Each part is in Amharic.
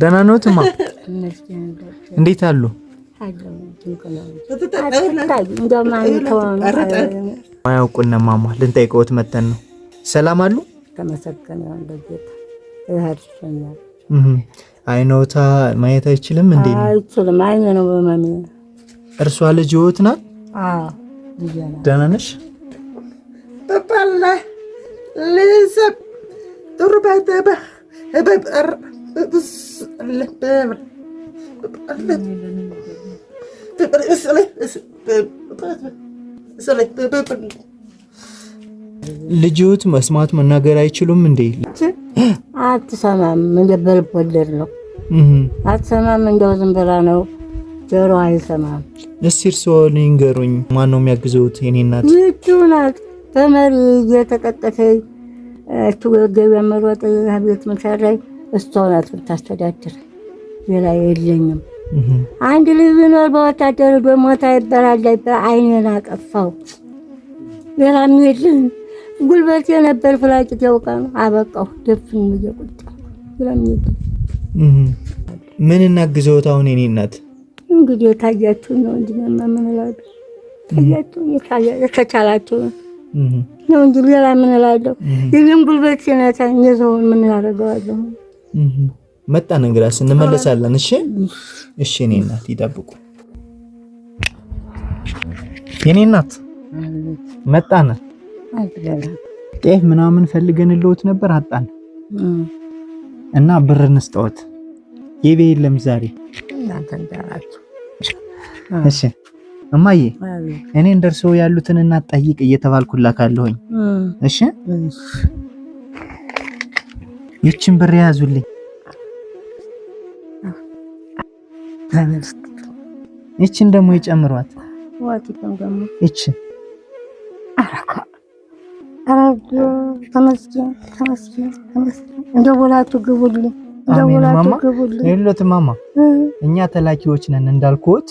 ደህና እንዴት አሉ? ማያውቁን መተን ነው። ሰላም አሉ? አይኖታ ማየት አይችልም እንዴ? እርሷ ልጅዎት ናት? ደህና ነሽ? ልጆት መስማት መናገር አይችሉም እንዴ? አትሰማም። እንደ በልብ ወለድ ነው። አትሰማም። እንደው ዝም ብላ ነው። ጆሮ አይሰማም። እስኪ እርስዎ ንገሩኝ፣ ማን ነው የሚያግዘውት? የኔ እናት ምቹ ናት። በመሪ እየተቀጠፈ እቱ ገቢ መሮጥ ቤት መቻል እሷ ናት ብታስተዳድር፣ ሌላ የለኝም። አንድ ልጅ ቢኖር በወታደር በሞታ ይበላል። አይኔን አቀፋው። ሌላ የለኝ ጉልበት የነበር ፍላጭ ተውቀ ነው አበቃሁ። ደፍን እየቁጣ እየቆጣ ምን እናግዘውት? አሁን የኔ እናት እንግዲህ የታያችሁ ነው እንጂ ምን እላለሁ? ነው እንጂ ሌላ ምን ይህም ጉልበት ሲነሳኝ የሰውን ምን ያደርገዋለሁ? መጣን፣ እንግዳስ እንመለሳለን። እሺ፣ እሺ። እኔ እናት ይጠብቁ። የኔ እናት መጣን። ጤፍ ምናምን ፈልገን ልወት ነበር አጣን፣ እና ብር እንስጠዎት። የቤ የለም ዛሬ። እሺ እማዬ እኔ እንደርሶ ያሉትን እናት ጠይቅ እየተባልኩላ ካለሁኝ እሺ ይችን ብር ያዙልኝ። ይችን ደግሞ ይጨምሯት። ይችን ሌሎት ማማ እኛ ተላኪዎች ነን እንዳልኩት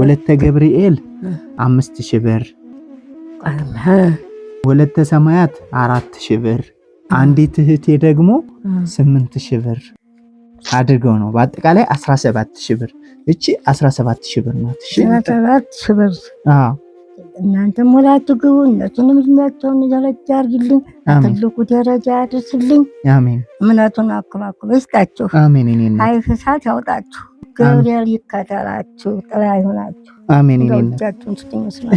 ወለተ ገብርኤል አምስት ሺህ ብር፣ ወለተ ሰማያት አራት ሺህ ብር አንዲት እህቴ ደግሞ ስምንት ሺህ ብር አድርገው ነው በአጠቃላይ 17 ሺህ ብር። እቺ 17 ሺህ ብር ናት። እሺ 17 ሺህ ብር። አዎ እናንተም ወላቱ ግቡ፣ እነሱንም እድሜያቸውን ደረጃ አድርግልኝ፣ ትልቁ ደረጃ አድርስልኝ። አሜን። እምነቱን አክላክሎ ይስጣችሁ። አሜን። እኔ አይፍሳት ያውጣችሁ። ገብርኤል ይከተላችሁ፣ ጥላ ይሆናችሁ። አሜን። እኔ እጃችሁን ስትመስላ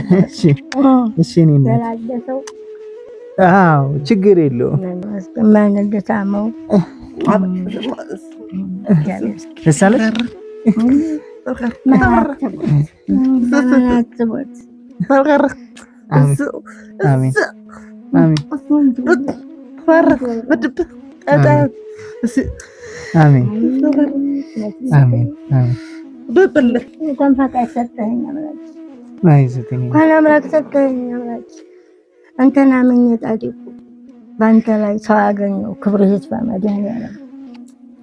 እሺ፣ እኔ ላለፈው አዎ ችግር የለውም። አምላክ አምላክ አንተን አምኜ ጻድቁ በአንተ ላይ ሰው አገኘው ክብር ህዝብ ያለ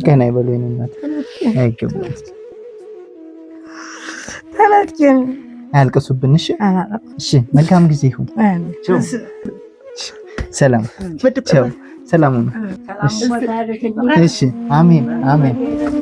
ገና ይበሉ ይነናት አይገባም። ተላትከን አያልቅሱብን። እሺ እሺ፣ መልካም ጊዜ ይሁን። ሰላም ሰላም ነው። እሺ፣ አሜን አሜን።